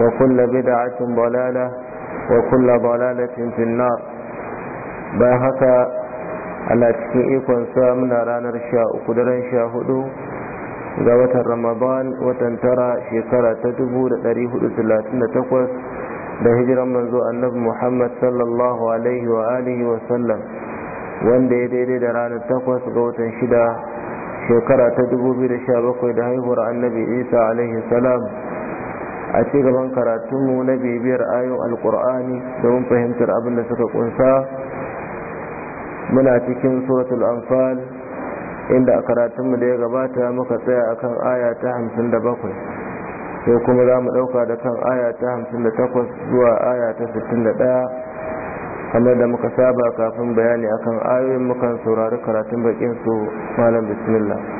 وكل بدعة ضلالة وكل ضلالة في النار باهكا على تكيئكم سامنا رانا رشاء قدرا شاهدوا ga watan ramadan watan tara shekara ta dubu da dari hudu talatin da takwas da hijiran manzo annabi muhammad sallallahu alaihi wa wa sallam wanda ya daidai da ranar takwas ga watan shida shekara ta dubu biyu da sha bakwai da haihuwar annabi isa alaihi salam a ci gaban karatunmu na bibiyar ayon alkur'ani domin fahimtar abin da suka kunsa muna cikin suratul anfal inda a karatunmu da ya gabata muka tsaya akan aya ta hamsin da bakwai sai kuma za mu ɗauka da kan aya ta hamsin da takwas zuwa aya sittin da ɗaya kamar da muka saba kafin bayani akan ayoyin mukan saurari karatun bakin su malam bismillah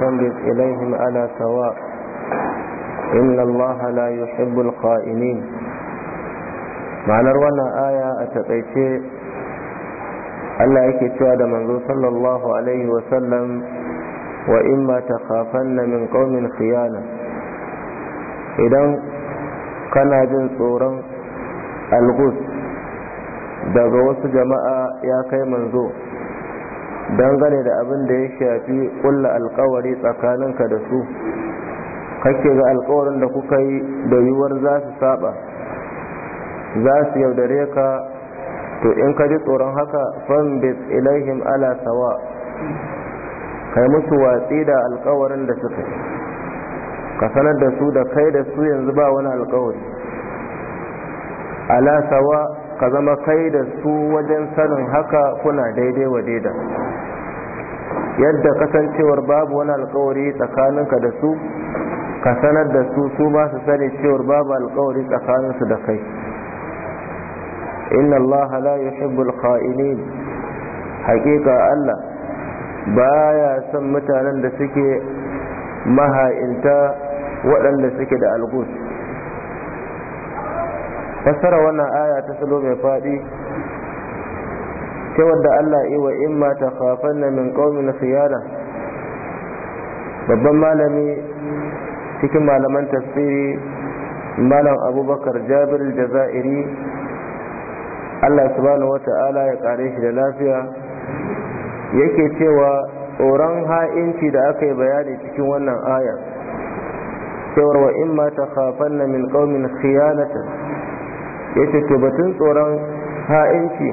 فانبت إليهم على سواء إن الله ma'anar wannan aya a taƙaice Allah yake cewa da manzo sallallahu alaihi wasallam wa imma takhafanna min qaumin khiyana idan kana jin tsoron algus daga wasu jama'a ya kai manzo dangane da abin da ya shafi kulla alkawari tsakaninka da su kake ga alkawarin da kuka yi da yiwuwar za su saba za su yaudare ka to in ka ji tsoron haka fambis ilaihim ala sawa kai musu watsi da alkawarin da suka yi ka sanar da su da kai da su yanzu ba wani alkawari ala sawa ka zama kai da su wajen sanin haka kuna daidai wa daida yadda kasancewar babu wani alkawari tsakaninka da su ka sanar da su su ba su sani cewar babu alkawari tsakaninsu da kai inna Allah la yuhibbul kha'inin haƙiƙa Allah baya son mutanen da suke maha'inta waɗanda suke da algus fassara wannan aya ta salo mai faɗi ta wadda Allah wa imma ta khafanna min qaumin khiyana babban malami cikin malaman tafsiri malam abubakar jabir jazairi Allah subhanahu ta'ala ya kare shi da lafiya yake cewa tsoron ha'inci da aka yi bayani cikin wannan aya cewar wa imma ta khafanna min qaumin ta. ya ce to batun tsoron ha'inci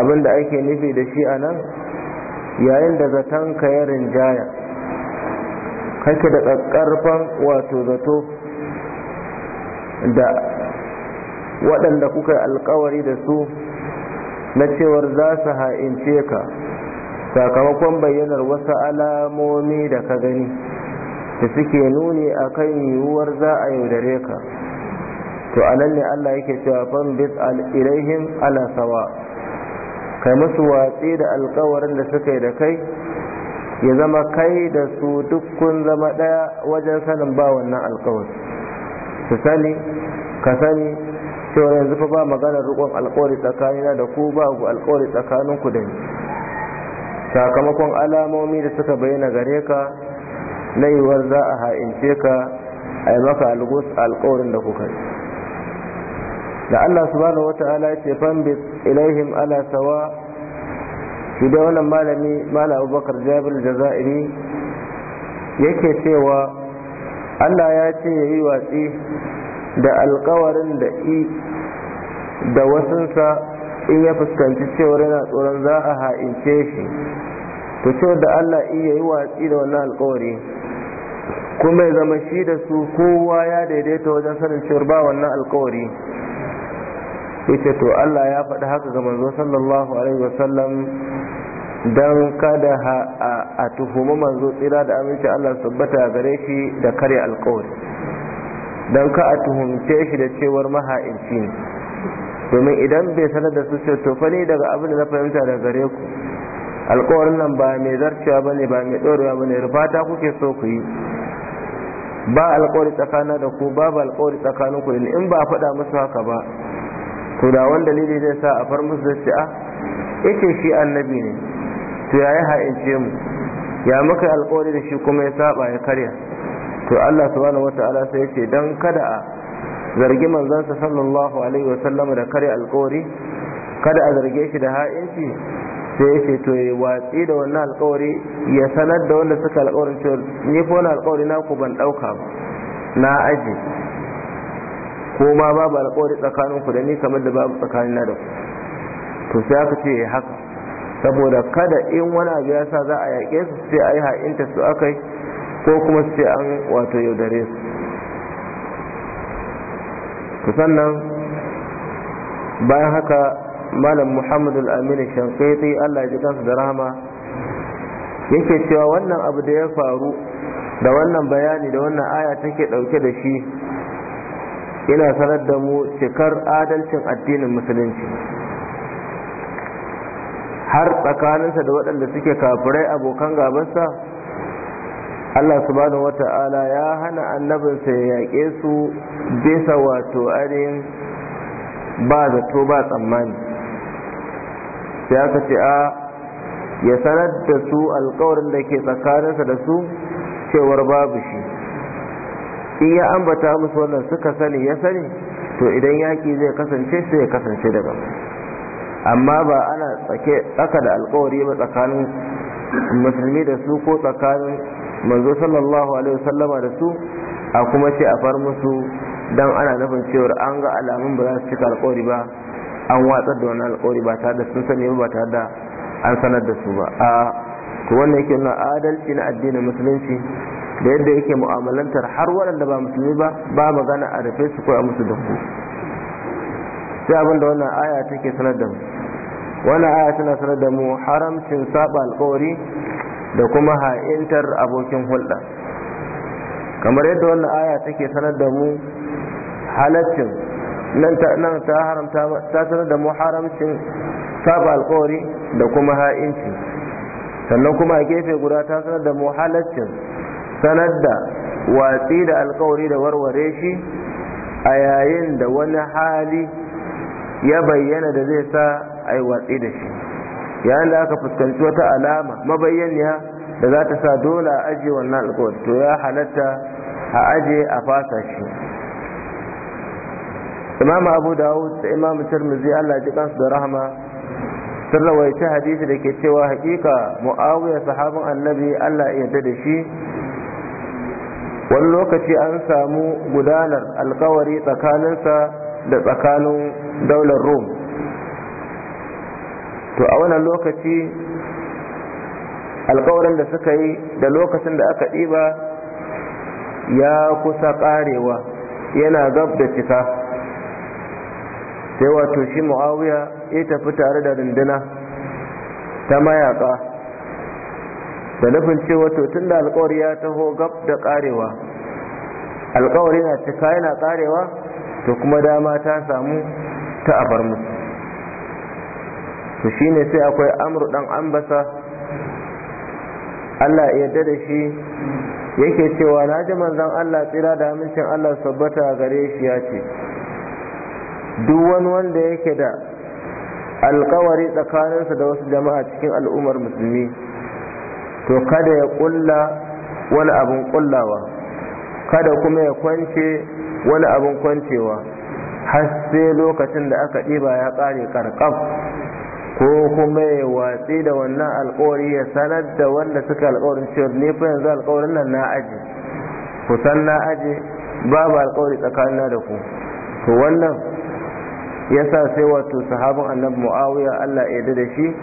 abin da ake nufi da shi a nan yayin da zaton ka ya rinjaya kake da ƙaƙƙarfan wato zato da waɗanda kuka yi alkawari da su na cewar za su ha'ince ka sakamakon bayyanar wasu alamomi da ka gani da suke nuni kan yiwuwar za a yaudare ka to anan ne Allah yake cewa fan bis al ilaihim ala sawa kai musu watsi da alkawarin da suka yi da kai ya zama kai da su duk zama daya wajen sanin ba wannan alkawari su sani ka sani cewa yanzu fa ba maganar rikon alkawari tsakanina da ku ba ku alkawari tsakaninku da ni sakamakon alamomi da suka bayyana gare ka na yiwuwar za a ha'ince ka a yi maka alkawarin da kuka yi da Allah subhanahu ta'ala ce fambit ilaihim ala sawa shi dai wannan malami mala abubakar jabir jazairi yake cewa Allah ya ce ya yi watsi da alkawarin da i da wasunsa in ya fuskanci cewar yana tsoron za a ha'ince shi to cewa da Allah iya yi watsi da wannan alkawari kuma ya zama shi da su kowa ya daidaita wajen sanin cewar ba wannan alkawari yace to Allah ya faɗi haka ga manzo sallallahu alaihi wasallam dan kada a tuhumi manzo tsira da aminci Allah tabbata gare shi da karya alƙawari dan ka a tuhumce shi da cewar maha'inci ne domin idan bai sanar da su ce to fa ni daga abin da na fahimta daga gare ku alƙawarin nan ba mai zarcewa bane ba mai ɗorewa bane rufata kuke so ku yi ba alƙawari tsakana da ku ba babu alƙawari tsakaninku in ba a faɗa musu haka ba to da wanda dalili zai sa a far musu da ah, yake shi annabi ne to ya yi ha'ince mu ya muka alkawari da shi kuma ya saba ya karya to Allah subhanahu wata'ala sai ce dan kada a zargi manzansa sallallahu alaihi sallam da karya alkawari kada a zarge shi da ha'inci sai ya to ya watsi da wannan alkawari ya sanar da wanda suka alkawarin cewa ni fa wannan alkawari na ku ban dauka ba na aji ko ma babu alƙawari tsakanin ku da ni kamar da babu tsakanin na da ku to sai aka ce haka saboda kada in wani abu ya sa za a yaƙe su sai a yi ha'inta su akai ko kuma sai an wato yaudare su to sannan bayan haka malam muhammadu al-amin shankaiti allah ya ji kansa da rahama yake cewa wannan abu da ya faru da wannan bayani da wannan aya take ɗauke da shi yana sanar da mu cikar adalcin addinin musulunci har tsakaninsa da waɗanda suke kafirai abokan gabansa Allah subhanahu wata'ala ya hana annabinsa ya yaƙe su bisa wato arin ba zato ba tsammani sai aka ce a ya sanar da su alkawarin da ke tsakaninsa da su cewar babu shi shi ya ambata musu wannan suka sani ya sani to idan yaki zai kasance sai ya kasance daga amma ba ana tsake tsaka da alkawari ba tsakanin musulmi da su ko tsakanin manzo sallallahu alaihi wasallama da su a kuma ce a far musu dan ana nufin cewar an ga alamun ba za su cika alkawari ba an watsar da wani alkawari ba tare da sun sani ba tare da an sanar da su ba a to wannan yake nuna adalci na addinin musulunci da yadda yake mu'amalantar har waɗanda ba musulmi ba ba magana a rufe su ko a musu da ku sai abinda wannan aya take sanar da mu wannan aya tana sanar da mu haramcin saba alkawari da kuma ha'intar abokin hulɗa kamar yadda wannan aya take sanar da mu halaccin nan ta nan ta haramta ta sanar da mu haramcin saba alkawari da kuma ha'inci sannan kuma a gefe guda ta sanar da mu halaccin sanar da watsi da alkawari da warware shi a yayin da wani hali ya bayyana da zai sa a yi watsi da shi yayin da aka fuskanci wata alama mabayyaniya da za ta sa dole a ajiye wannan alkawari to ya halatta a ajiye a fasa shi imam abu dawud da imam tirmidhi allah ji kansu da rahama sun rawaita hadisi da ke cewa hakika mu'awiya sahabin annabi allah ya da shi wani lokaci an samu gudanar alkawari tsakaninsa da tsakanin daular rom to a wannan lokaci alkawarin da suka yi da lokacin da aka ɗiba ya kusa ƙarewa yana gab da cika sai wato shi mu'awiya ya tafi tare da runduna ta mayaka. da nufin cewa to tun da alkawari ya taho gab da karewa alkawari na cika yana karewa to kuma dama ta samu ta afar musu to ne sai akwai amru dan ambasa Allah ya yarda da shi yake cewa na ji manzan Allah tsira da amincin Allah sabbata gare shi ya ce duk wani wanda yake da alkawari tsakaninsa da wasu jama'a cikin al'ummar musulmi to kada ya kulla wani abin kullawa kada kuma ya kwance wani abin kwancewa har sai lokacin da aka ɗiba ya ƙare ƙarƙaf, ko kuma ya watsi da wannan alƙawari ya sanar da wanda suka alƙawarin cewa ne fa yanzu alƙawarin nan na aji kusan na aji babu alƙawari tsakanin da ku to wannan ya sa sai wato sahabin annabi mu'awiya Allah ya da shi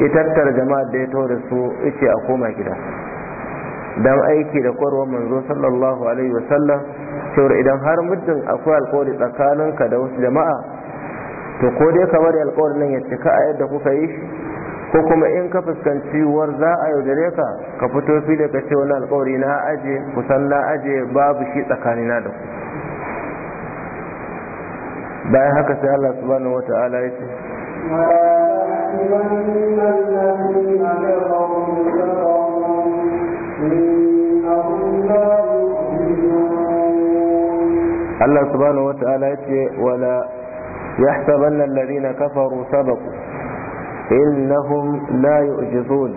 ya tattara jama'ar da ya taho da su yace a koma gida dan aiki da korwar manzo sallallahu alaihi wasallam cewar idan har muddin akwai alkawari tsakaninka da wasu jama'a to ko dai kamar alƙawarin nan ya cika a yadda kuka yi ko kuma in ka fuskanci war za a yaudare ka ka fito fili ka ce wani alƙawari na aje kusan na aje babu shi tsakanina da ku bayan haka sai Allah subhanahu wata'ala ya ce Allah subhanahu wata'ala ya ce wala yahsabanna alladhina kafaru sabaqu innahum la yu'jizun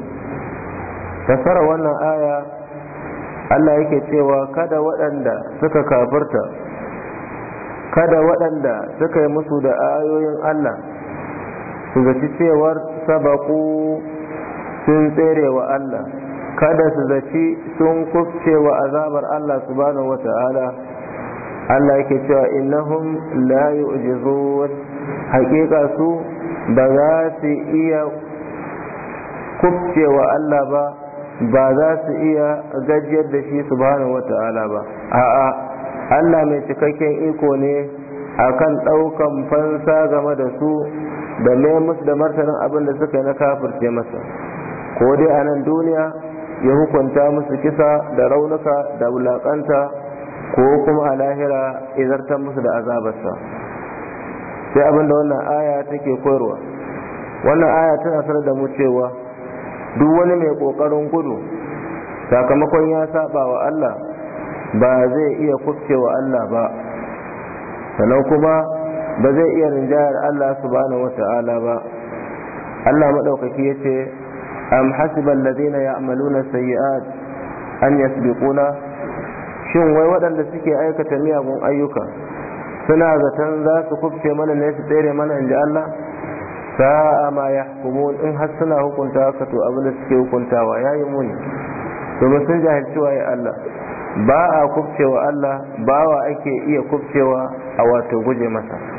fasara wannan aya Allah yake cewa kada waɗanda suka kafirta kada waɗanda suka yi musu da ayoyin Allah su zaci cewar sabaku sun tsere wa Allah kada su zaci sun kufce wa azabar Allah subhanahu wata'ala Allah yake cewa innahum la yu'jizun haƙiƙa su ba za su iya kufce wa Allah ba ba za su iya gajiyar da shi subhanahu ta'ala ba a'a Allah mai cikakken iko ne akan ɗaukan fansa game da su da ne musu da martanin abin da suka yi na kafirce masa ko dai a nan duniya ya hukunta musu kisa da raunuka da wulaƙanta ko kuma a lahira izartar musu da azabarsa sai abin da wannan aya take koyarwa wannan aya tana sanar da mu cewa duk wani mai ƙoƙarin gudu sakamakon ya saba wa Allah ba zai iya kufcewa Allah ba sannan kuma ba zai iya rinjayar Allah su subhanahu wata'ala ba Allah maɗaukaki ya ce am hasiba alladhina ya'maluna sayyi'at an yasbiquna shin wai waɗanda suke aikata miyagun ayyuka suna zaton za su kubce mana ne su tsere mana in ji Allah sa'a ma yahkumun in har suna hukunta haka to abin da suke hukuntawa yi muni ba sun jahilci waye Allah ba a kubcewa Allah bawa ake iya kubcewa a wato guje masa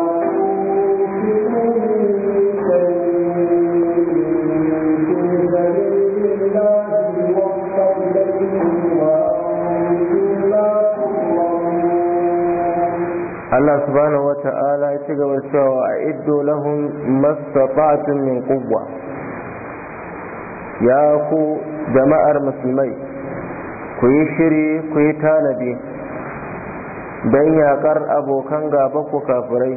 Allah subhanahu wa ta'ala ya ci gaba cewa a iddo lahum mastata'atun min quwwa ya ku jama'ar musulmai ku yi shiri ku yi tanadi don yaƙar abokan gaba ku kafirai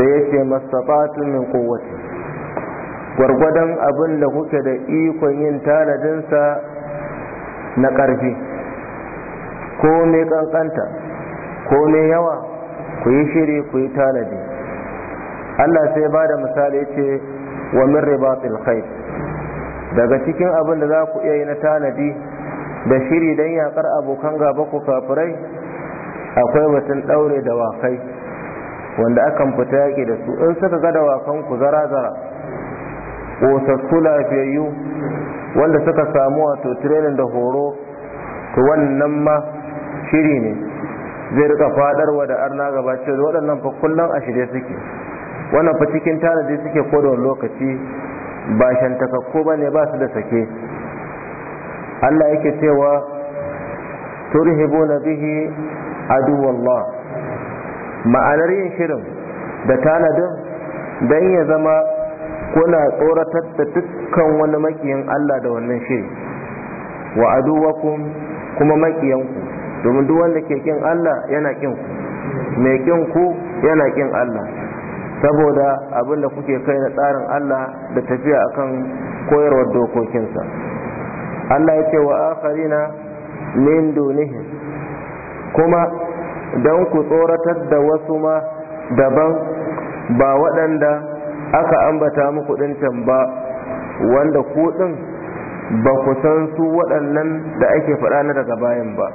sai ya ce mastata'atun min quwwati gwargwadon abin da kuke da ikon yin tanadinsa na ƙarfi ko mai ƙanƙanta ko ne yawa ku yi shiri ku yi tanadi Allah sai ba da misali ce wa min ribatil khayr daga cikin abin da za ku iya yi na tanadi da shiri don yakar abokan gaba ku kafurai akwai batun daure da wakai wanda akan fita yaki da su in suka ga da wakan ku zara-zara ƙosassu lafiyayyu wanda suka samu wato training da horo to wannan ma shiri ne zai rika fadarwa da arna gaba cewa waɗannan fa kullum a shirye suke wannan fa cikin tanadi suke ko lokaci ba shantakakku ba ne ba su da sake Allah yake cewa nabihi bihi wallah ma'anar yin shirin da tanadin don ya zama kuna tsoratar da dukkan wani makiyin Allah da wannan shiri wa aduwakum kuma makiyanku domin duk wanda ke kin Allah yana kin ku mai kin ku yana kin Allah saboda abin da kuke kai na tsarin Allah da tafiya akan koyarwar dokokinsa Allah ya ce wa akharina min dunihim kuma don ku tsoratar da wasu ma daban ba waɗanda aka ambata muku ɗin can ba wanda ku ɗin ba ku san su waɗannan da ake faɗa na daga bayan ba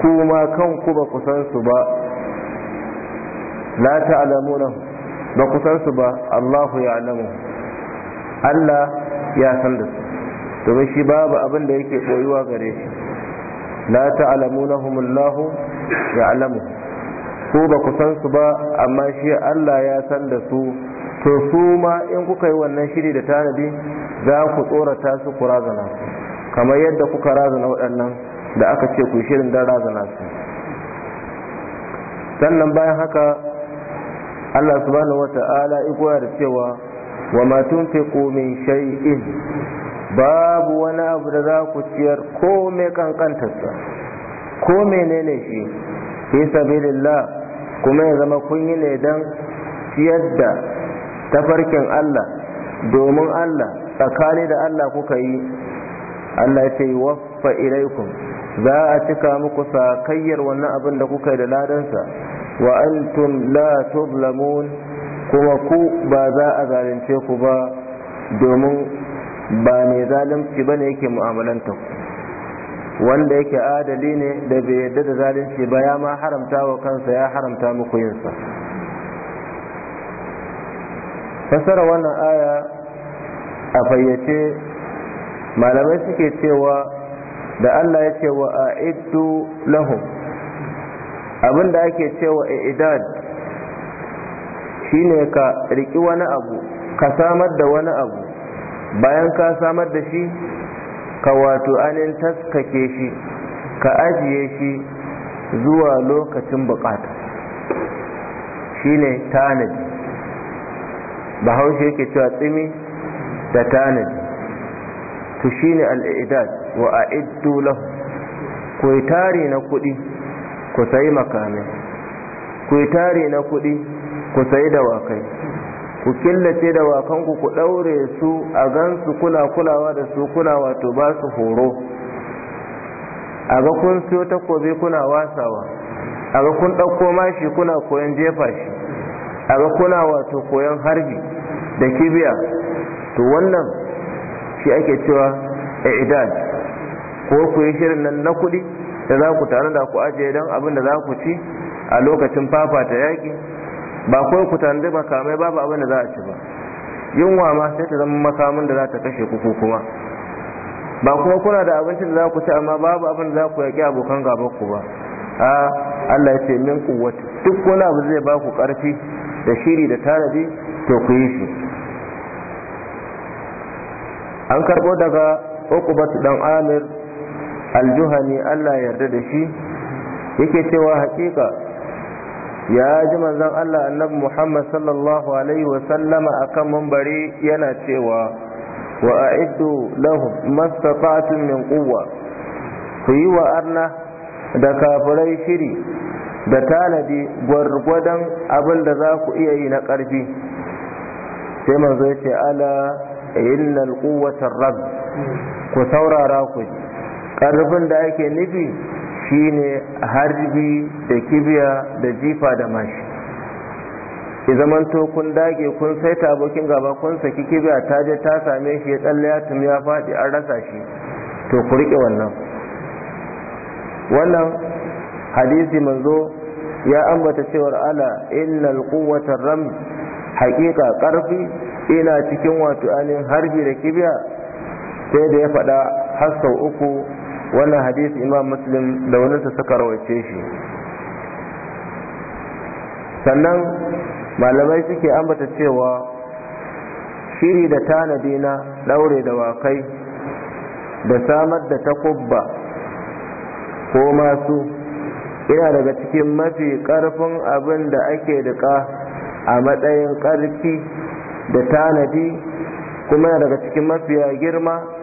kuma kanku ba ku san su ba la ta'lamuna ba ku san su ba Allahu ya'lamu Allah ya san da su domin shi babu abin da yake koyuwa gare shi la ta'lamunahum Allah ya'lamu ko ba ku san su ba amma shi Allah ya san da su to su ma in kuka yi wannan shiri da tanadi za ku tsorata su ku razana kamar yadda kuka razana waɗannan da aka ce ku shirin don razana su sannan bayan haka Allah subhanahu wata'ala ya da cewa wa ma tunfiqu min shay'in babu wani abu da za ku ciyar ko me kankantarsa ko menene shi fi sabilillah kuma ya zama kun yi ne dan ciyar da tafarkin Allah domin Allah tsakani da Allah kuka yi Allah ya ce waffa ilaikum za a cika muku sakayyar wannan abin da kuka yi da ladansa wa antum la tuzlamun kuma ku ba za a zalunce ku ba domin ba mai zalunci bane yake mu'amalanta ku wanda yake adali ne da bai yadda da zalunci ba ya ma haramta wa kansa ya haramta muku yinsa fasara wannan aya a fayyace malamai suke cewa da Allah ya ce wa a'iddu lahum abinda ake cewa i'dad shine ka riki wani abu ka samar da wani abu bayan ka samar da shi ka wato anin taskake shi ka ajiye shi zuwa lokacin bukata shine tanadi bahaushe yake cewa tsimi da tanadi to shine al-i'dad wa a'iddu lahu ku yi tare na kuɗi ku sayi makamai ku yi tare na kuɗi ku sayi dawakai ku killace dawakanku ku ɗaure su a gansu kuna kulawa da su kuna wato ba su horo a ga kun siyo takobi kuna wasawa a ga kun ɗauko mashi kuna koyon jefa shi a ga kuna wato koyon harbi da kibiya to wannan shi ake cewa i'dad ko ku yi shirin nan na kuɗi da za ku tare da ku ajiye don abin da za ku ci a lokacin fafata yaƙi ba kawai ku tanadi makamai babu abin da za a ci ba yunwa ma sai ta zama makamin da za ta kashe ku kuma ba kuma kuna da abincin da za ku ci amma babu abin da za ku yaƙi abokan gaban ku ba a Allah ya ce min kuwwati duk wani abu zai ba ku ƙarfi da shiri da tanadi to ku yi shi an karɓo daga uku dan amir aljuhani Allah ya yarda da shi yake cewa hakika ya ji manzon Allah annabi Muhammad sallallahu alaihi wa sallama akan mambari yana cewa wa a'iddu lahum mastata'tum min quwwa ku yi wa arna da kafirai shiri da tanadi gwargwadon abin da za ku iya yi na ƙarfi sai manzo ya ce ala innal quwwata rabb ku saurara ku ji ƙarfin da ake nufi shine harbi da kibiya da jifa da mashi ki zamanto kun dage kun sai abokin gaba kun saki kibiya ta je ta same shi ya tsalle ya tumi ya faɗi an rasa shi to ku riƙe wannan wannan hadisi manzo ya ambata cewar ala innal quwwata ram haƙiƙa ƙarfi ina cikin wato anin harbi da kibiya sai da ya faɗa har uku wannan hadisi imam muslim da wani suka rawace shi sannan malamai suke ambata cewa shiri da tanadi na daure da wakai da samar da takubba ko masu yana daga cikin mafi karfin abin da ake duka a matsayin karfi da tanadi kuma daga cikin mafiya girma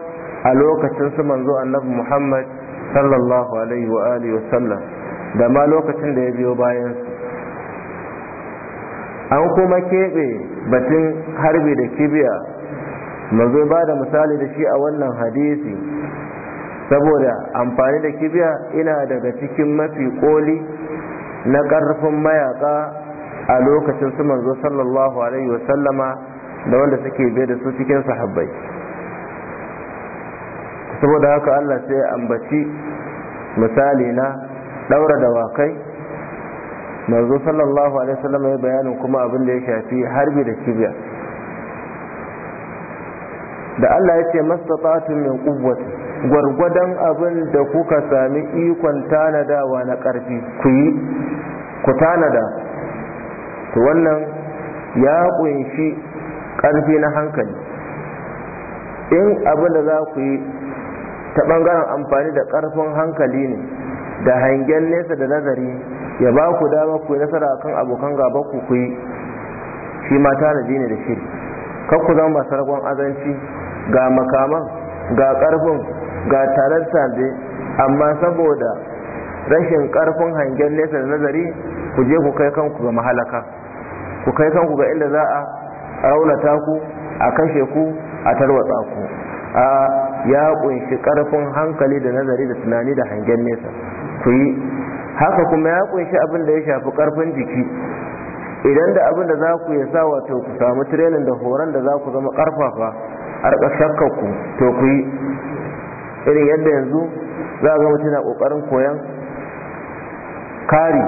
a lokacin su manzo annabi Muhammad sallallahu alaihi wa alihi wa sallam da ma lokacin da ya biyo bayan an kuma keɓe batun harbi da kibiya manzo ba da misali da shi a wannan hadisi saboda amfani da kibiya ina daga cikin mafi koli na ƙarfin mayaka a lokacin su manzo sallallahu alaihi wa sallama da wanda suke bai da su cikin sahabbai saboda haka Allah sai ambaci misali na daura dawakai manzo sallallahu alaihi wasallam ya bayanin kuma abin da ya shafi harbi da kibiya da Allah ya ce mastata'atun min quwwati gwargwadon abin da kuka sami ikon tanadawa na ƙarfi ku yi ku tanada to wannan ya kunshi ƙarfi na hankali in abin da za ku yi ta ɓangaren amfani da ƙarfin hankali ne da hangen nesa da nazari ya ba ku dama ku yi nasara kan abokan gaba ku ku yi shi ma tanadi ne da shiri kan ku zama masu ragon azanci ga makaman ga ƙarfin ga taron sabe amma saboda rashin ƙarfin hangen nesa da nazari ku je ku kai kanku ga mahalaka ku kai kanku ga inda za a raunata ku a kashe ku a tarwatsa ku a ya kunshi karfin hankali da nazari da tunani da hangen nesa ku yi haka kuma ya kunshi abin da ya shafi karfin jiki idan da abin da za ku ya sa wato ku samu tirenin da horon da za ku zama karfafa a rika ku to ku yi irin yadda yanzu za a gama mutum ƙoƙarin kokarin koyan kari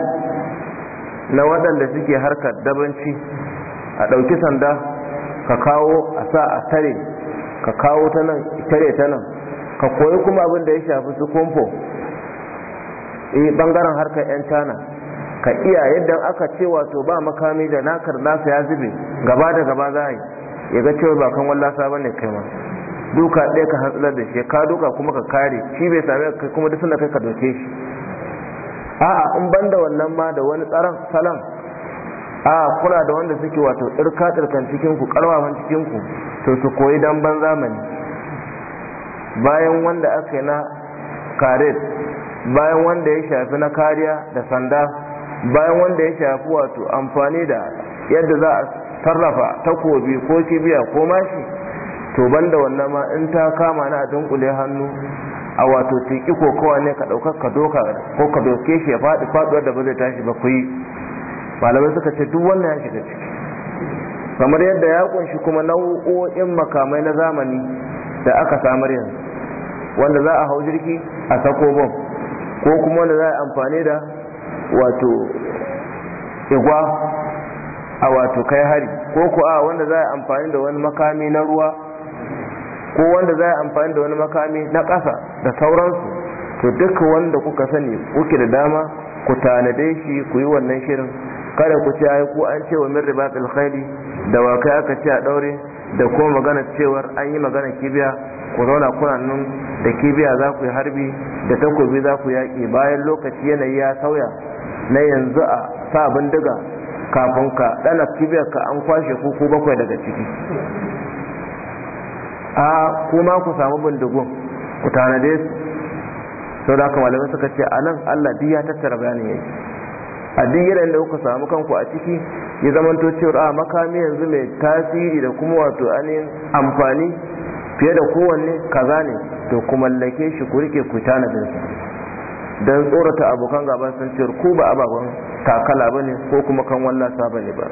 na waɗanda suke harkar dabanci a ɗauki sanda ka kawo a sa a tare ka kawo ta nan tare ta nan ka koyi kuma abin da ya shafi su kumfo eh bangaren harkar yan tana ka iya yadda aka ce wato ba makami da nakar nasa ya zube gaba da gaba za a yi ya ga cewa bakan kan wallasa ba ne kai ma duka ɗaya ka hantsar da shi ka duka kuma ka kare shi bai same ka kuma duk suna kai ka doke shi a'a in banda wannan ma da wani tsaron salam a kula da wanda suke wato tsirka tsirkan cikin ku karwaman cikin ku to su koyi damban zamani bayan wanda aka yi na karet bayan wanda ya shafi na kariya da sanda bayan wanda ya shafi wato amfani da yadda za a sarrafa takobi ko kibiya ko mashi to banda wannan ma in ta kama na a kule hannu a wato tiki ko ne ka ɗaukar ka doka ko ka doke shi ya faɗi faɗuwar da ba zai tashi ba ku yi malamai suka ce duk wannan ya shiga ciki kamar yadda ya kunshi kuma nau'o'in makamai na zamani da aka samar yanzu wanda za a hau jirgi a sako bom ko kuma wanda za a amfani da wato igwa a wato kai hari ko ku a wanda za a amfani da wani makami na ruwa ko wanda za a amfani da wani makami na ƙasa da sauransu to duka wanda kuka sani kuke da dama ku tanade shi ku yi wannan shirin kada ku ce ai ku an ce wa min ribatil khayli da wa kai aka ce a daure da ko magana cewar an yi magana kibiya ku zauna kuna nan da kibiya za ku yi harbi da takobi za ku yaƙi bayan lokaci yanayi ya sauya na yanzu a sa bindiga kafin ka ɗana kibiyar ka an kwashe ku ku bakwai daga ciki a kuma ku samu bindigun ku tanade su sau da aka malamai suka ce a nan allah duk ya tattara bayanin yake a duk yanayin da kuka samu kanku a ciki ya zamanto cewa a ah, makami yanzu mai tasiri da kuma wato ainihin amfani fiye da kowanne kaza ne to ku mallake shi ku rike ku tanadin su dan tsorata abokan gaba san cewa ko ba ababen takala ba ne ko kuma kan wallasa ba ne ba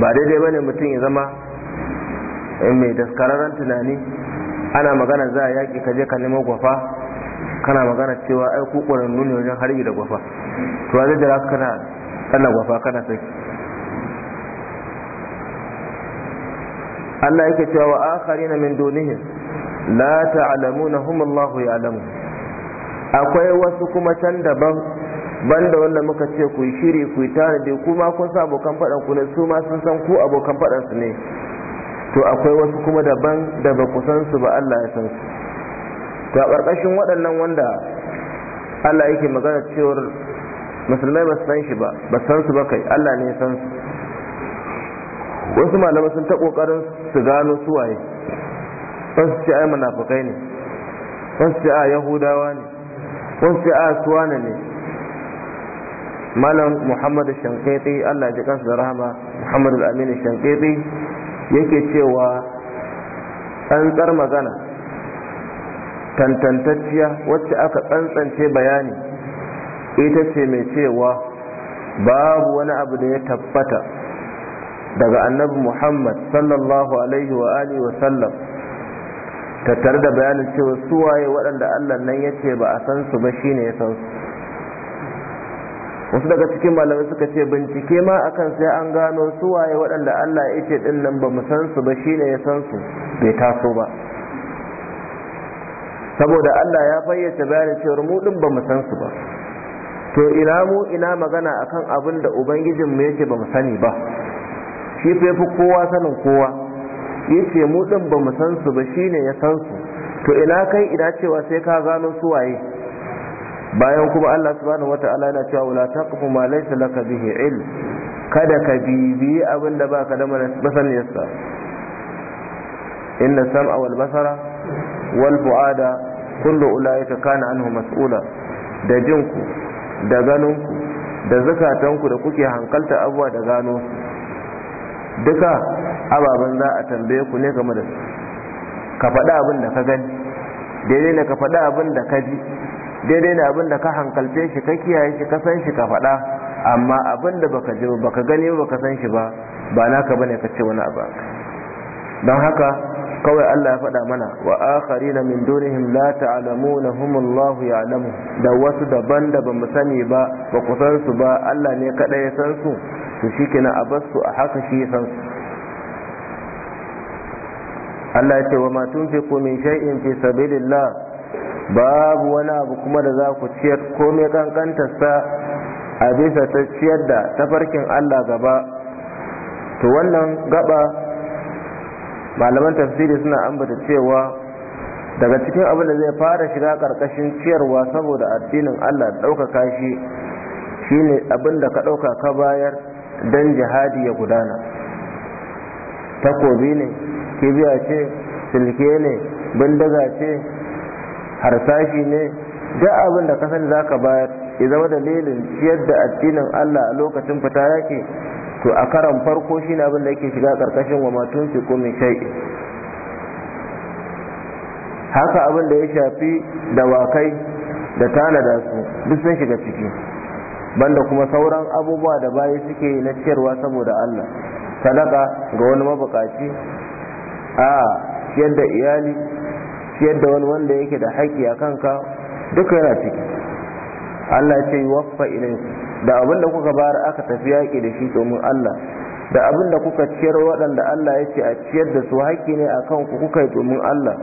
ba daidai ba ne mutum ya zama mai daskararren tunani ana magana za a yaki ka je ka nemo gwafa kana magana cewa ai ku ƙwararru ne wajen harbi da gwafa to zai kana kana gwafa kana sai. Allah yake cewa wa na min dunihim la ta'lamuna hum Allahu ya'lamu akwai wasu kuma can daban banda wanda muka ce ku shiri ku tanadi kuma kun sa abokan fadan ku ne su ma sun san ku abokan fadan su ne to akwai wasu kuma daban da ba ku san su ba Allah ya san su to a ƙarƙashin waɗannan wanda Allah yake magana cewar musulmai ba su san shi ba ba san su ba kai Allah ne ya san su wasu malamai sun ta ƙoƙarin su gano su waye wasu ce ai munafukai ne wasu ce a yahudawa ne wasu ce a suwana ne malam Muhammadu shankiti Allah ya ji kansu da rahama Muhammadu al-amin shankiti yake cewa tsar magana tantantacciya wacce aka tsantsance bayani ita ce mai cewa babu wani abu da ya tabbata daga annabi muhammad sallallahu alaihi wa alihi wa sallam tattare da bayanin cewa suwaye waɗanda allah nan ya ba a san su ba shine ya san su wasu daga cikin malamai suka ce bincike ma akan sai an gano suwaye waɗanda allah ya ce ɗin nan ba mu san su ba shine ya san su bai taso ba saboda Allah ya fayyace bayanin cewar mu din ba mu san su ba to ina mu ina magana akan abin da ubangijin mu yake ba mu sani ba shi fa yafi kowa sanin kowa yace mu din ba mu san su ba shine ya san su to ina kai ina cewa sai ka gano su waye bayan kuma Allah subhanahu wata'ala yana cewa la taqfu ma laysa laka bihi ilm kada ka bibi abin da baka da masaniyarsa inna sam'a wal basara wal fu'ada kullu ulaika kana anhu mas'ula da jinku da ganinku da zakatanku da kuke hankalta abuwa da gano duka ababen za a tambaye ku ne game da su ka faɗi abin da ka gani daidai ne ka faɗi abin da ka ji daidai ne abin da ka hankalce shi ka kiyaye shi ka san shi ka faɗa amma abin da baka ji baka gani baka san shi ba ba naka bane ka ce wani abu don haka kawai Allah ya faɗa mana wa na min dunihim la na humullahu ya'lamu da wasu daban da bamu sani ba ba ku san su ba Allah ne kada ya san su to shikenan a bar su a haka shi ya san su Allah ya ce wa ma tunfiqu min shay'in fi sabilillah babu wani abu kuma da za ku ciyar komai kankanta sa a bisa ta ciyar da tafarkin Allah gaba to wannan gaba malaman tafsiri suna ambata cewa daga cikin abin da zai fara shiga karkashin ciyarwa saboda addinin Allah ɗaukaka shi shine abin da ka ɗauka ka bayar don jihadi ya gudana takobi ne kibiya ce silke ne bindiga ce harsashi ne duk abin da ka sani za ka bayar ya zama dalilin ciyar da addinin Allah a lokacin fita yake to a karan farko shi abin da yake shiga karkashin wa matun fi min shai haka abin da ya shafi dawakai da tanada su duk sun shiga ciki banda kuma sauran abubuwa da bayi suke na ciyarwa saboda Allah sadaka ga wani mabukaci a ciyar da iyali ciyar da wani wanda yake da haƙƙi a kanka duka yana ciki Allah ya ce yuwaffa ilaykum da abin da kuka bayar aka tafi yaƙi da shi domin Allah da abin da kuka ciyar waɗanda Allah ya ce a ciyar da su haƙƙi ne akan ku kuka yi domin Allah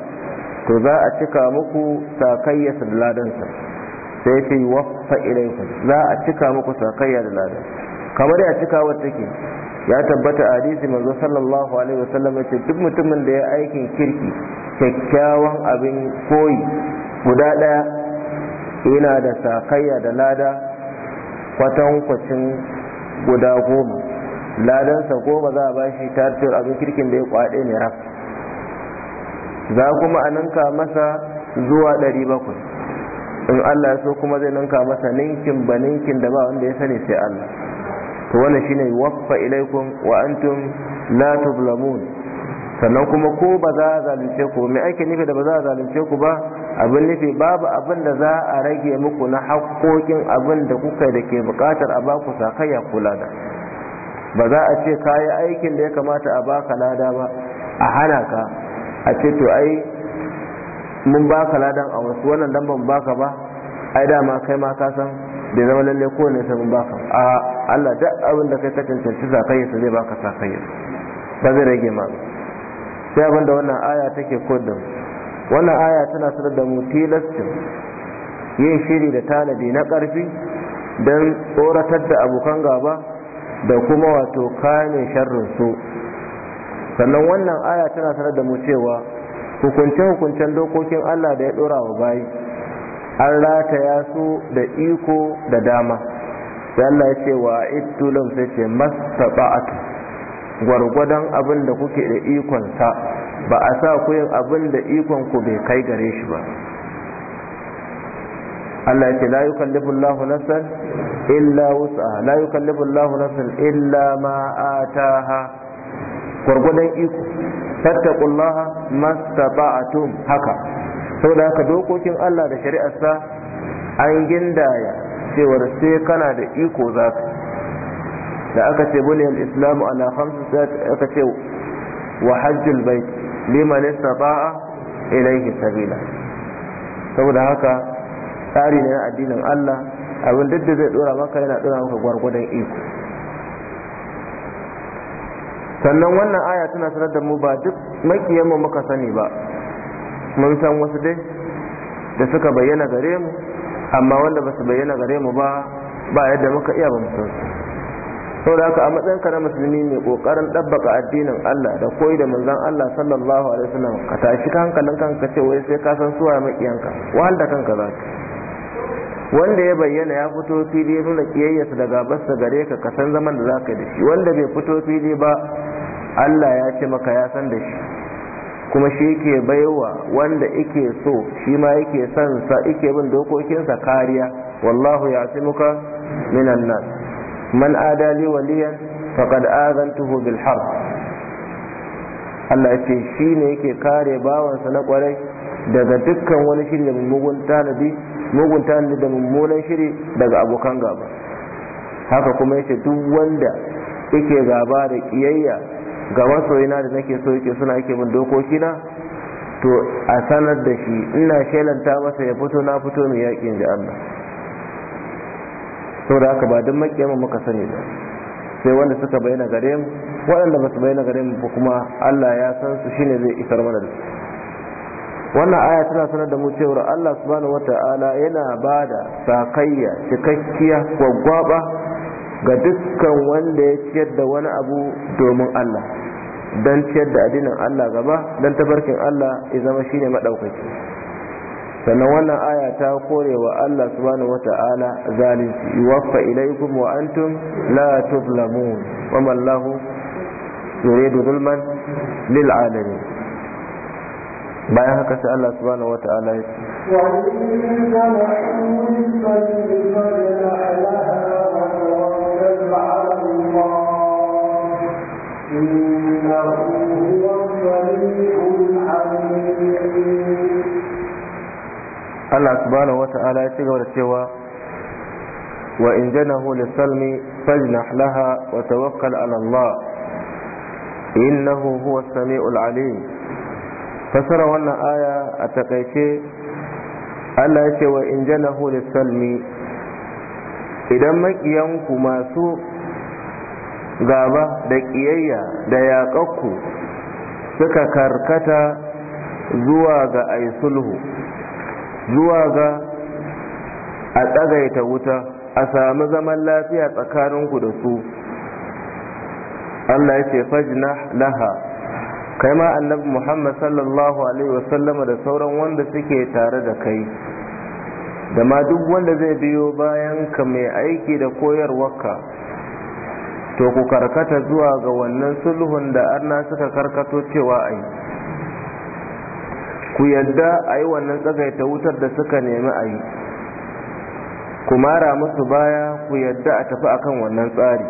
to za a cika muku sakayya da ladansa sai ya ce waffa ilaykum za a cika muku sakayya da ladan kamar ya cika wata ke. ya tabbata a hadisi manzo sallallahu alaihi wasallam ya ce duk mutumin da ya aikin kirki kyakkyawan abin koyi guda ɗaya yana da sakayya da lada kwatankwacin guda goma ladansa goma za a bashi tartar abin kirkin da ya kwaɗe mai raf za kuma a ninka masa zuwa ɗari bakwai in Allah ya so kuma zai ninka masa ninkin ba ninkin da ba wanda ya sani sai Allah to shi ne waffa ilaikun wa antum la sannan kuma ko ba za a zalunce ku me ake nufi da ba za a zalunce ku ba abin nufi babu abin da za a rage muku na haƙoƙin abin da kuka da ke buƙatar a baku sakayya kula da ba za a ce ka yi aikin da ya kamata a baka lada ba a hana ka a ce to ai mun baka ladan a wasu wannan dan ban baka ba ai dama kai ma ka san bai zama lalle ko ne sai mun baka a Allah duk abin da kai ka cancanci sakayya sai zai baka sakayya ba zai rage ma sai abin da wannan aya take koyar mu wannan aya tana sanar da mu tilastin yin shiri da tanadi na ƙarfi don tsoratar da abokan gaba da kuma wato kane sharrin su sannan wannan aya tana sanar da mu cewa hukunce-hukuncen dokokin Allah da ya ɗora wa bayi an rataya su da iko da dama sai Allah ya ce wa ittulum sai ce mastaba'atu gwargwadon abin da kuke da ikonsa ba a sa ku yin abin da ikon ku bai kai gare shi ba Allah ya ce la yukallifu Allahu nafsan illa wusa la yukallifu Allahu nafsan illa ma ataha gurgudan iko fattaqullaha mastata'tum haka saboda haka dokokin Allah da shari'arsa an gindaya cewar sai kana da iko zaka da aka ce buniyal islamu ala khamsati aka ce wa hajjul bait liman istata'a ilayhi sabila saboda haka tsari ne na addinin Allah abin duk da zai dora maka yana dora maka gwargwadon iko sannan wannan aya tana sanar da mu ba duk mu muka sani ba mun san wasu dai da suka bayyana gare mu amma wanda ba su bayyana gare mu ba ba yadda muka iya ba mu san su saboda haka a matsayinka na musulmi ne kokarin dabbaka addinin Allah da koyi da manzon Allah sallallahu alaihi wasallam ka tashi hankalin kanka ce wai sai ka san suwa makiyanka wahal da kanka za ka? wanda ya bayyana ya fito fili nuna kiyayyarsa daga basta gare ka ka san zaman da za da shi wanda bai fito fili ba Allah ya ce maka ya san da shi kuma shi yake baiwa wanda yake so shi ma yake son yake bin dokokinsa kariya wallahu ya minan nas man adali waliyan faqad azantuhu bil harb Allah ce shi ne yake kare bawansa na kwarai daga dukkan wani shiri da mugun tanadi mugun tanadi da mummunan shiri daga abokan gaba haka kuma yace duk wanda yake gaba da kiyayya ga masoyina da nake so yake suna yake min dokoki to a sanar da shi ina shelanta masa ya fito na fito mai yakin da Allah da haka ba duk makiyamu muka sani ba sai wanda suka bayyana gare mu waɗanda ba su bayyana gare mu ba kuma Allah ya san su shine zai isar mana da wannan aya tana sanar da mu cewar Allah subhanahu wata'ala yana ba da sakayya cikakkiya gwaggwaba ga dukkan wanda ya ciyar da wani abu domin Allah don ciyar da addinin Allah gaba don tabarkin Allah ya zama shine madaukaki sannan wannan aya ta kore wa Allah subhanahu wata'ala zalunci yuwaffa ilaykum wa antum la tuzlamun wa man lahu yuridu zulman lil alamin bayan haka sai Allah subhanahu wata'ala ya ce إنه هو الصليب الحميد Allah subhanahu ta'ala ya ci gaba da cewa wa in janahu lisalmi fajnah laha wa tawakkal ala Allah innahu huwa samiul alim fasara wannan aya a takaice Allah ya ce wa in janahu lisalmi idan makiyanku masu gaba da ƙiyayya da yaƙakku suka karkata zuwa ga ai sulhu zuwa ga a tsagaita wuta a sami zaman lafiya tsakaninku da su Allah ya ce fajna laha kai ma annabi Muhammad sallallahu alaihi wasallam da sauran wanda suke tare da kai da ma duk wanda zai biyo bayan ka mai aiki da koyarwarka to ku karkata zuwa ga wannan sulhun da arna suka karkato cewa ai ku yadda a yi wannan tsagaita wutar da suka nemi a yi ku mara musu baya ku yadda a tafi akan wannan tsari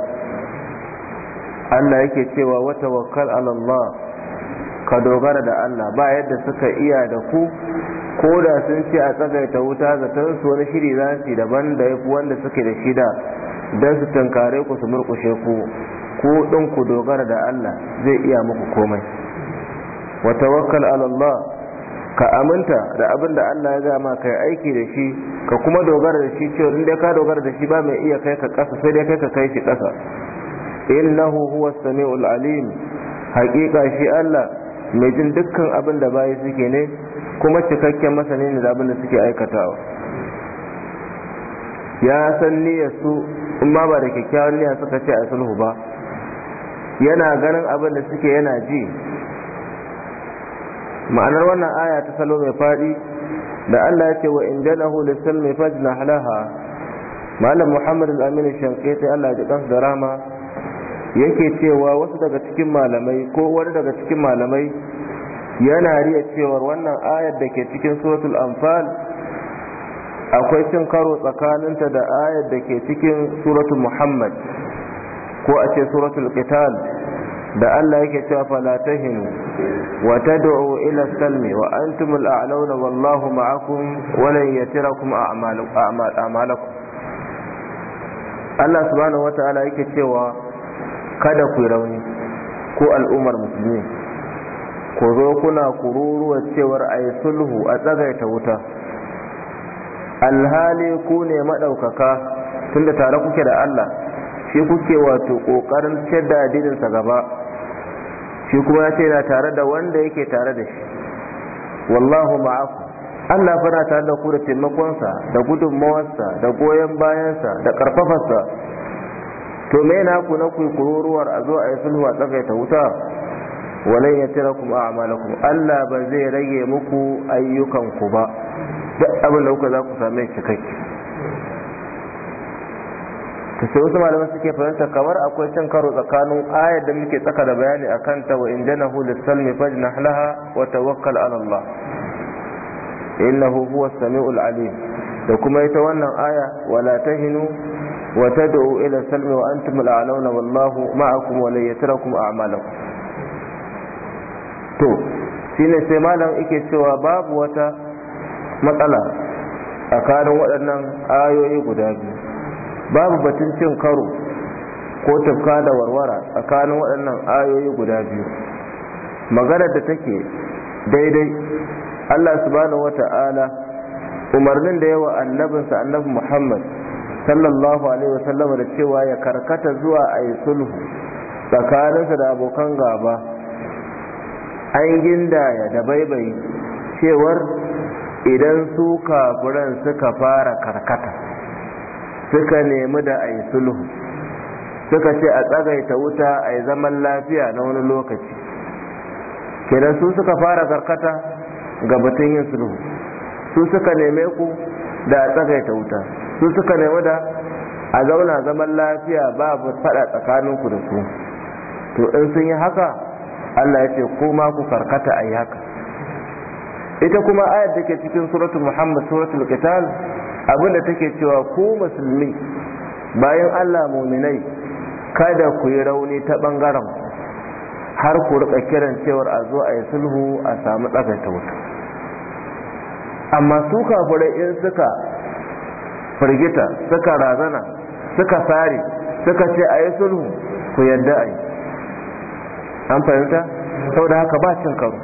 Allah yake cewa wata wakal Allah ka dogara da Allah ba yadda suka iya da ku ko da sun ce a tsagaita wuta zaton su wani shiri za su daban da ya wanda suke da shida don su tankare ku su murkushe ku ko ɗin ku dogara da Allah zai iya muku komai wata wakal Allah ka aminta da abin da Allah ya ga ma kai aiki da shi ka kuma dogara da shi cewa inda ka dogara da shi ba mai iya kai ka kasa sai dai kai ka kai shi kasa innahu huwa samiul alim haƙiƙa shi Allah mai jin dukkan abin da bayi suke ne kuma cikakken masani ne da abin da suke aikatawa ya san niyyar su in ba da kyakkyawan niyya suka ce a sulhu ba yana ganin abin da suke yana ji ma'anar wannan aya ta salo mai faɗi da Allah ya ce wa in jalahu lisalmi fajna halaha. malam Muhammad al-Amin Shanqiti Allah ya kansa da rama yake cewa wasu daga cikin malamai ko wani daga cikin malamai yana riya cewa wannan ayar da ke cikin suratul anfal akwai cin karo tsakaninta da ayar da ke cikin suratul muhammad ko a ce suratul qital da Allah yake cewa fala tahinu wa tad'u ila salmi wa antum al-a'launa wallahu ma'akum wa yatirakum a'malakum Allah subhanahu wata'ala yake cewa kada ku rauni ko al'ummar musulmi ku zo kuna kururuwa cewar ayi sulhu a tsagaita wuta alhali ku ne madaukaka tunda tare kuke da Allah shi kuke wato kokarin cedda da addininsa gaba shi kuma ya ce na tare da wanda yake tare da shi wallahu ma'aku Allah fara tare da ku da taimakonsa da gudunmawarsa da goyon bayansa da karfafarsa to me na ku na ku kururuwar a zo a yi sulhu a tsakaita wuta walan a a'malakum Allah ba zai rage muku ayyukanku ba duk abin da kuka za ku same cikakke to sai wasu malaman suke fahimta kamar akwai cin karo tsakanin ayar da muke tsaka da bayani a kanta wa in janahu lissalmi fajnah laha wa tawakkal ala Allah innahu huwa samiul alim da kuma ita wannan aya wala tahinu wa tad'u ila salmi wa antum al'alawna wallahu ma'akum wa lan yatrakum a'malakum to shine sai malam yake cewa babu wata matsala tsakanin waɗannan ayoyi guda biyu babu batun cin karo ko tafka da warwara tsakanin waɗannan ayoyi guda biyu magana da take daidai Allah subhanahu wata'ala umarnin da yawa annabinsa annabi Muhammad sallallahu alaihi wasallam da cewa ya karkata zuwa a yi sulhu tsakaninsa da abokan gaba an gindaya da baibai cewar idan su kafuran suka fara karkata suka nemi da a yi sulhu suka ce a tsagaita wuta a yi zaman lafiya na wani lokaci kenan su suka fara karkata ga batun yin sulhu su suka neme ku da a tsagaita wuta su suka nemi da a zauna zaman lafiya babu fada ku da su to in sun yi haka allah ya ce kuma ku karkata a yi haka ita kuma ayar da ke cikin suratul muhammad suratul qital abinda take cewa ku musulmi bayan Allah muminai kada ku yi rauni ta bangaren har ku rika kiran cewar a zo a yi sulhu a samu ta wuta amma su kafure in suka firgita suka razana suka sare suka ce a yi sulhu ku yadda a yi an fahimta saboda haka ba cin karo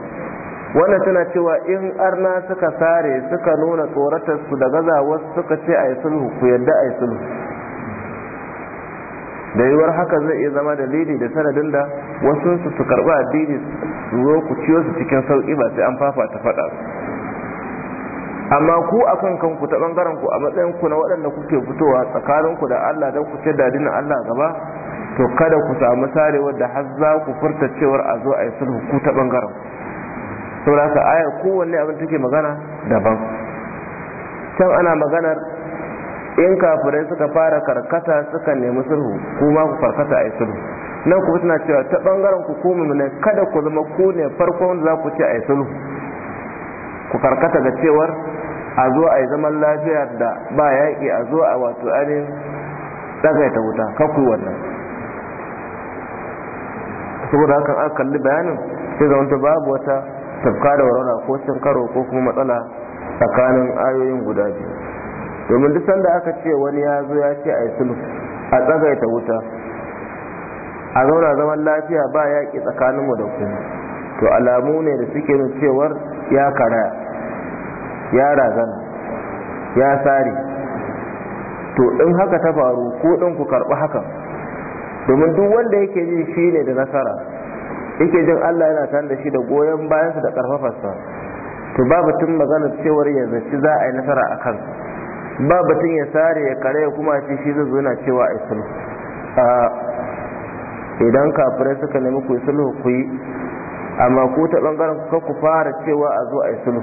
wannan tana cewa in arna suka sare suka nuna su da gazawar suka ce a yi sulhu ku yadda a yi sulhu da yiwuwar haka zai iya zama dalili da sanadin da wasu su su karɓi addini su zo ku ciyo su cikin sauƙi ba sai an fafa ta faɗa amma ku a kan kanku ta ɓangaren ku a matsayin ku na waɗanda kuke fitowa tsakanin ku da Allah don ku ce da Allah gaba to kada ku samu sarewar da har za ku furta cewar a zo a yi sulhu ku ta ɓangaren saboda haka ayar kowanne abin take magana daban can ana maganar in kafirai suka fara karkata suka nemi sulhu kuma ku karkata a yi sulhu nan kuma suna cewa ta bangaren ku ko ne kada ku zama ku ne farkon za ku ce a yi sulhu ku karkata ga cewar a zo a yi zaman lafiya da ba yaƙi a zo a wato ainihin tsagaita wuta kakwai wannan saboda hakan aka kalli bayanin sai zamanta babu wata tafka da warwara ko cin karo ko kuma matsala tsakanin ayoyin guda biyu domin duk sanda aka ce wani ya zo ya ce a yi sulhu a tsagaita wuta a zauna zaman lafiya ba yaƙi mu da ku to alamu ne da suke nuna cewar ya karaya ya razana ya sare to in haka ta faru ko ɗin ku karɓi haka domin duk wanda yake ji shi ne da nasara yake jin Allah yana tare da shi da goyon bayansa da karfafarsa to ba batun maganar cewar ya zaci za a yi nasara a kan. ba batun ya sare ya kare ya kuma ce shi zai zo yana cewa a sulhu idan kafirai suka nemi ku sulhu ku yi amma ku ta bangaren kuka ku fara cewa a zo a yi sulhu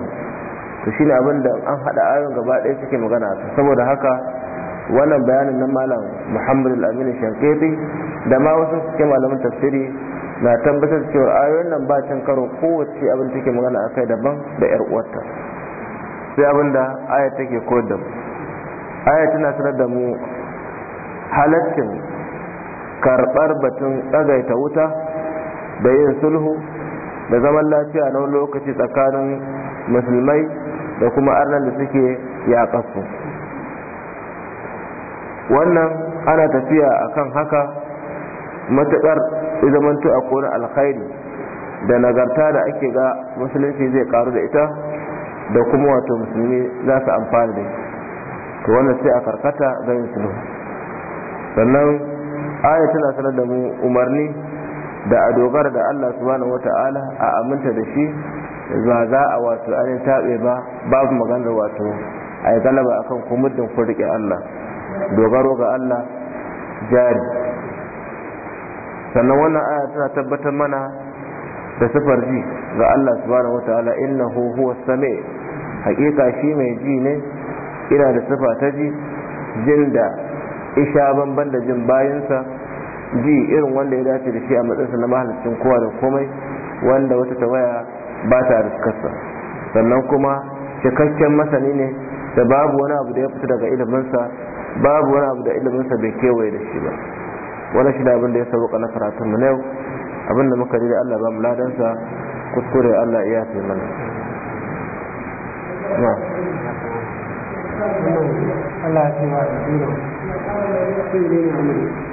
to shine abin da an haɗa ayon gaba ɗaya suke magana saboda haka wannan bayanin na malam Muhammadu al-amin shanketi da ma wasu suke malaman tafsiri na tabbatar cewa ayoyin nan ba can karo kowace abin take magana a kai daban da yar uwarta sai abin da aya take koyar da mu tana sanar da mu halaccin karɓar batun tsagaita wuta da yin sulhu da zaman lafiya na lokaci tsakanin musulmai da kuma arnan da suke kasu wannan ana tafiya akan haka matuƙar izamantu a kona alkhairi da nagarta da ake ga musulunci zai karu da ita da kuma wato musulmi za su amfani da to wanda sai a karkata zai yi sannan aya tana sanar da mu umarni da a dogara da Allah subhanahu wata'ala a aminta da shi za za a wato anin taɓe ba babu maganar wato a yi galaba akan kuma kun riƙe Allah dogaro ga Allah jari sannan wannan aya tana tabbatar mana da sifar ji ga Allah subhanahu wataala innahu huwa sami hakika shi mai ji ne ina da sifa ta ji jin da isha banban da jin bayansa ji irin wanda ya dace da shi a matsayinsa na mahalicin kowa da komai wanda wata tawaya ba ta riskarsa sannan kuma cikakken masani ne da babu wani abu da ya fita daga iliminsa babu wani abu da iliminsa bai kewaye da shi ba wani shi da abin da ya sauka na karatun mu yau abin da muka ji Allah ba mu ladansa kuskure Allah iya fi mana